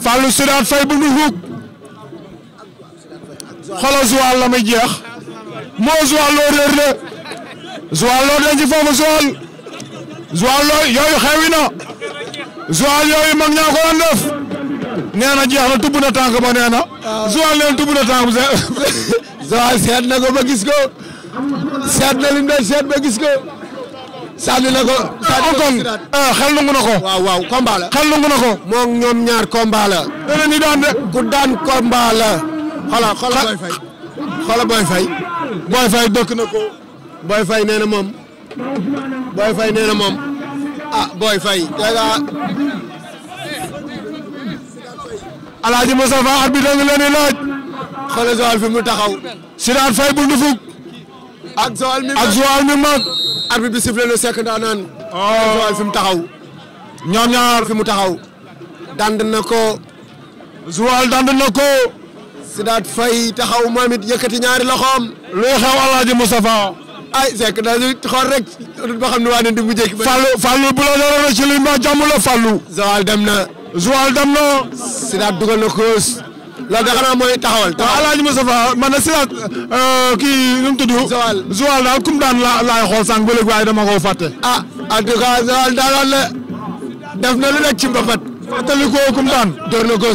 Fallou Sidaat Faye bu nu huug xoolal Joal la muy jeex moo Joal loo réer de loo denc foofu Joal Joal yooyu xewi na Joal yooyu mag ñaa ko doon def nee jeex na tubb na tànk ba nee na. Ah. Joal nee na tubb na tànk Joal na ko ba gis ko seet na lim doon seet ba gis ko. sànni na ko sànni kon eh, xel nangu na ko. waaw waaw ko. moom ñoom ñaar combat la. dana ni daan de. ku daan combat la. xoolal xoolal Boy na ko. Boy Faye moom. Boy Faye moom. ah Boy Faye. dégg Alaaji Moustapha ngi leen di laaj. xoolal Joal fi mu taxaw. Sidaat Faye bu ndufuk. ak Joal mi mi mag. arbitre bi sifflé na Seck oh. fi mu taxaw. ñoom ñaar fi mu taxaw. dand na ko. Joal dand na ko. Sidaat Faye taxaw moom it yëkkati ñaari loxoom. luy xew Alaaji Moustapha. ay Seck dañuy xool rek ba xam ne waa ne di mu jékki. Fallou Fallou bu la doon ci li ma jàmm la dem na. Joal dem na. Sidaat dugal na koos. loolu da xanaa mooy taxawal taxawal waaw Alaaji Moustapha man na si euh, kii nu mu tudd. daal kum daan la laay xool sànq ba waaye dama ko fàtte. ah en tout daal la def na lu nekk ci mbapat. fàttali kum daan. door na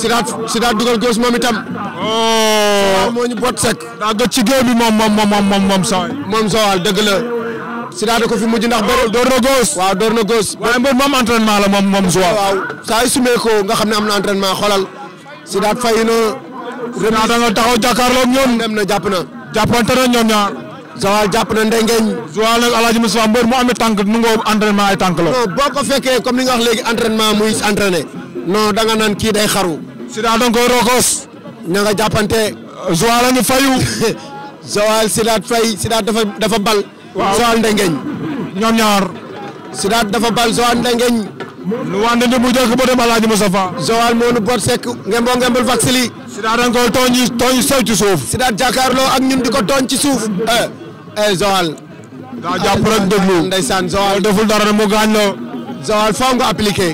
Sidaat Sidaat dugal gos moom itam. waaw oh. moo bot sek. daa jot ci géew bi moom moom moom moom moom dëgg la. Sida da ko fi mujj ndax bëri door na góos waaw door na góos waaye mbër moom entraînement la moom moom joie waaw saa yu sumee ko nga xam ne am na entraînement xolal Sida fay na Sida da nga taxaw jàkkaarloog ñoom dem na jàpp na jàppante na ñoom ñaar Zawal jàpp na ndengeñ Zawal nag Alaaji Moussa mbër mu amee tànk nu ngoo entraînement ay tànk la non boo ko fekkee comme ni nga wax léegi entraînement muy entraîné non da nga naan kii day xaru Sida da nga koy nga jàppante Zawal a fayu Zawal Sida fay Sida dafa dafa bal Joal Ndengeñ ñoom ñaar Sidaat dafa bal Joal Ndengeñ lu wande ndi mu jëkk ba dem Alaaji Moustapha Joal moo nu boot sekk ngemboo ngembal vaxili Sidaat da nga koy tooñ tooñ sew ci suuf Sidaat jàkkaarloo ak ñun di ko tooñ ci suuf mm. eh eh Joal daa dara ne mu gaañ la Joal faaw nga appliqué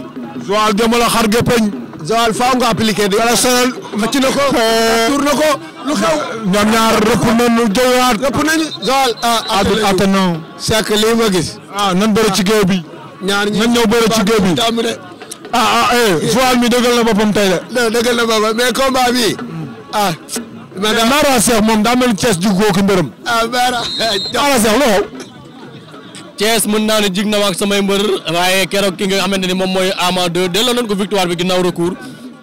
Joal jëmala xar géppeñ Joal faaw nga appliqué di wala sonal xëcc na ko eh. tuur na ko lu xew ñoom ñaar rëpp nañu jëwaat rëpp nañu Joal adul ah, ah, atano ah, nan bëri ci géew bi ñaar ñi nan ñëw bëri ci géew bi ah ah eh Joal mi dëggal na boppam tey de dëggal na boppam mais combat bi ah Mara Cheikh moom daa mel Thiès ju góoki mbërëm ah Mara Cheikh lu Thiès mën naa ne jig na ma ak samay mbër waaye keroog ki nga xamante ni moom mooy Ama 2 delloo nañ ko victoire bi ginnaaw recours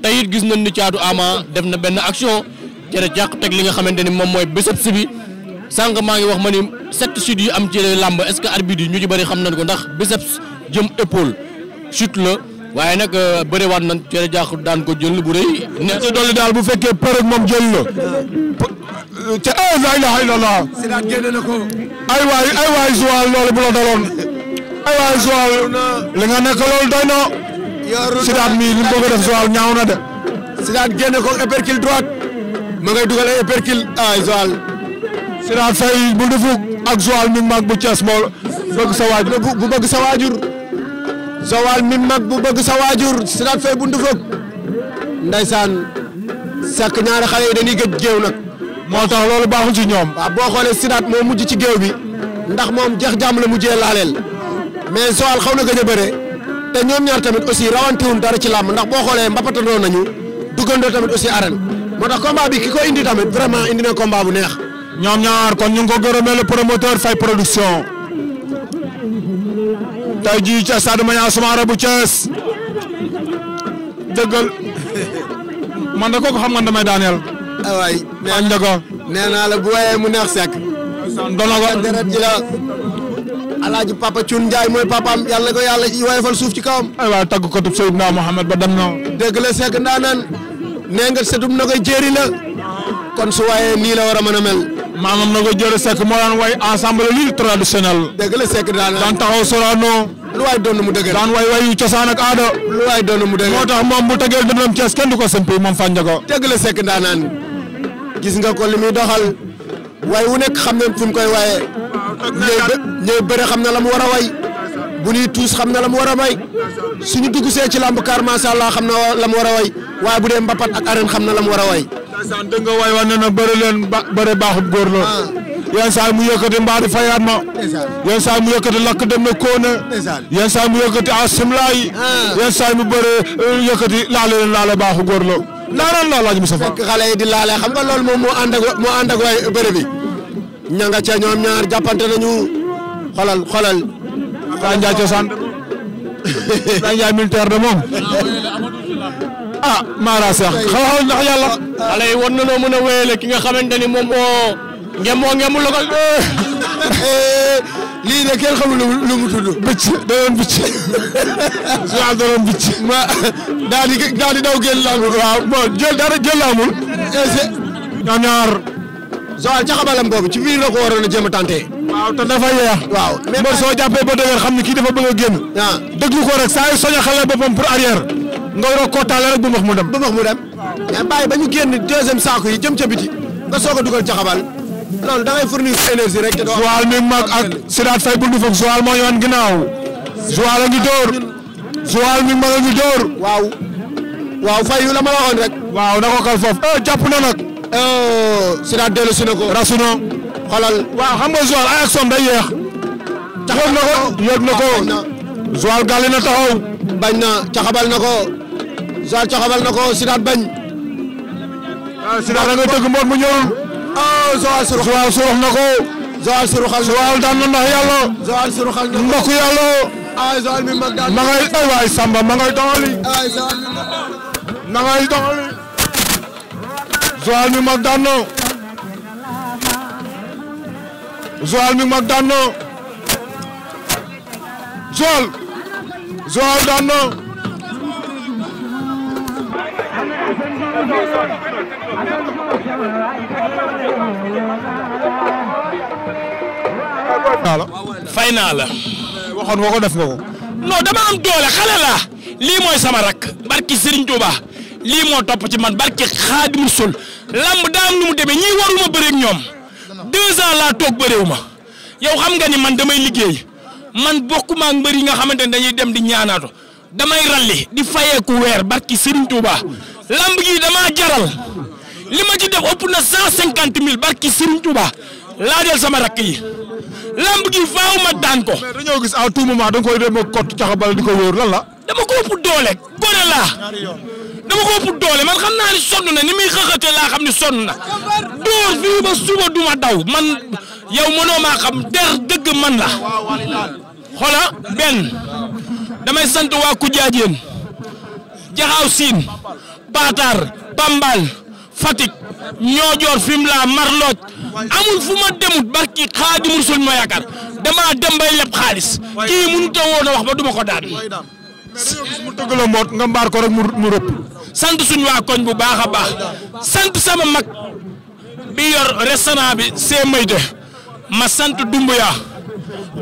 te it gis nañ ni caatu Ama def na benn action jërë jàq teg li nga xamante ni moom mooy bésëb si bi sànq maa ngi wax ma ni set chutes yi am ci làmb est-ce que arbitre yi ñu ci bëri xam nañ ko ndax biceps jëm épaule chute la waaye nag euh, bëre waat nañ cere jaax daan ko jël bu rëy. ne dolli daal bu fekkee përëg moom jël na. ca eh laa ilaaha ay waay ay waay Joal loolu bu la ay waay Joal li nga nekk loolu doy Sidaat mi li mu bëgg a def Joal ñaaw na de. Sidaat génne ko épercule droite. ma ngay dugal épercule ay ah, Joal. Sidaat fay bu ndufuk ak Joal mi mag bu Cees moo bu bëgg sa Joal mi mag bu bëgg sa waajur Sidaat Faye bu Ndufëg ndaysaan sàkk ñaari xale yi dañuy gëj géew nag. moo tax loolu baaxul ci ñoom. baax boo xoolee Sidaat moo mujj ci géew bi ndax moom jeex jàmm la mujjee laaleel mais Joal xaw na gëj a te ñoom ñaar tamit aussi rawantiwun dara ci làmb ndax boo xoolee mbapatandoo nañu duggandoo tamit aussi arène moo tax combat bi ki ko indi tamit vraiment indi na combat bu neex. ñoom ñaar kon ñu ngi ko gërëmee le promoteur Faye production. tey ji ca stade Maniang Soumaré bu Thiès dëggal man da kooku xam nga damay daaneel. Ah, waay nee naa ko nee la bu waayee mu neex sekk. doon na ko papa Thioune Ndiaye mooy papaam yàlla na ko yàlla woyofal suuf ci kawam. tag tagg ko tub Seydina Mohamed ba dem na. dëgg la sekk ndaanan nee nga setum na ko jéeri la kon su waayee nii la war a mën mel. maamam na ko jëre Seck moo daan way ensemble lutte traditionnel deug le sek dal dan taxaw no lu way don mu deugal dan way wayu ciosan ak ado lu way don mu deugal motax mom moom bu tegeel dëndam Thiès kenn du ko sëmpi moom fànn ko. dëgg la Seck daan gis nga ko limi doxal way wu nek xamne fim koy waye ñooy bëre xam na la way. bu ni tous xam lam wara may suñu duggu see ci làmb kaar macha allah xam na la way bu dee mbapat ak arène xam lam wara way. ndeysaan dégg nga waay wane na bëri leen ba bëri baaxut góor lool. Ah. yenn saa yi mu yëkkati mbaari fayaat ma. yenn saa yi mu yëkkati lakk dem na Kóone. yenn saa yi mu yëkkati asimlaa yi. Ah. yenn saa yi mu bëree eh, yëkkati laale leen laale baaxu góor lool. ndaanaan laa laaj Moustapha. fekk xale yi di laale xam nga loolu moom moo ànd ak moo ànd ak waay bëri bi. ña nga ca ñoom ñaar jàppante nañu xolal xolal. Abdoulaye Ndiaye cosaan. Abdoulaye Ndiaye militaire de moom. Ah, ah Mara a xaw ndax yàlla. xale yi war nañoo mën a wéyale ki nga xamante ni moom moo ngem moo ngemul la ko. Eh, lii de kenn xamul lu mu tudd. bëcc da doon bëcc. souvent da doon bëcc. ma daal daw génn laa amul. waaw bon jël dara jël laa amul. Eh, ñoom ñaar. Joal ca xabalam boobu ci biir la ko waroon a jéem a waaw te dafa yeex. waaw mais soo ba dëgër xam ne kii dafa bëgg a génn. waaw ah. déglu ko rek saa yu soña xale boppam pour nga war a kootaale rek bu max mu dem bu max mu dem mais bàyyi ba ñu génn deuxième saako yi jëm ca biti nga soog a dugal jaxabal loolu da ngay fournir énergie rek te doo Joal mi mag ak Sidaat Faye a ngi dóor Joal mi mag a ngi dóor waaw fay yu la ma waxoon rek waaw na ko foofu eh jàpp na nag eh Sidaat dellu si na ko rasuno xoolal waaw xam nga Joal ay action day yeex taxaw na ko yëg na ko Joal gàlli na taxaw bañ na caxabal na ko Joal coxabal na ko Sidaat bañ. Sidaat ah, da nga tëgg mboot mu ñëwul. ah Joal surux Joal surux na ko. Joal suruxal Joal na ndax yàlla. Joal suruxal nga mbokk yàlla. Ah, ay ay Samba ma ngay doxali. ay ah, Joal mi mag daan na ngay doxali. Joal mi mag daan na. Joal mi mag daan na. Joal. fay naa la. waxoon nga ko def nga ko. non dama am doole xale laa lii mooy sama rakk barki Serigne Touba lii moo topp ci man barki Xaadimu Rasul lamb daam nu mu demee ñii waruma bëreeg ñoom deux laa toog bëreew ma yow xam nga ni man damay liggéey man bokkuma ak mbër yi nga xamante ne dañuy dem di ñaanaato damay ralli di fayeeku weer barki Serigne Touba lamb ji damaa jaral li ma ci def ëpp na cent cinquante mille barki Serigne Touba laajal sama rakk yi lamb gi faaw ma daan ko. mais dañoo gis à tout moment da di ko wóor lan dama ko ëpp doole gone laa dama ko ëpp doole man xam naa ni sonn na ni muy xëxëte laa xam ni sonn na door fii ba suba duma daw man yow mënoo maa xam der dëgg man la xola benn. damay sant waa Kujaajeen Jaxaaw Siin Baatar Pambal Fatick Ñoojoor Fimela Marlooj amul fu ma demut barki Xaadimu Rasuul ma yaakaar dama dem leb xaalis kii mënut a woon a wax ba duma ma daan mu tëgg la mboot nga mbaar sant suñu waa koñ bu baax a baax sant sama mag bi yor restaurant bi see mayte ma sant Dumbuya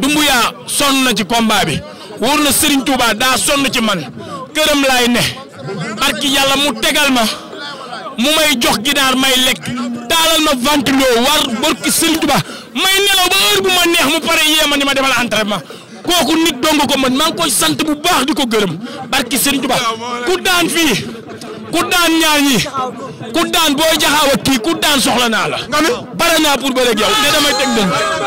Dumbuya sonn na ci combat bi wóor na Serigne Touba daa sonn ci man këram laay ne barki yàlla mu tegal ma mu may jox ginaar may lekk taalal ma ventilo war barki Serigne Touba may nelaw ba bu ma neex mu pare yee ma ni ma demal entraînement kooku nit dong ko man maa koy sant bu baax di ko gërëm barki Serigne Touba ku daan fii ku daan ñaar ku daan boo jaxaaw ak kii ku daan soxla naa la. nga ni bare naa pour bëreeg yow damay teg dënnu.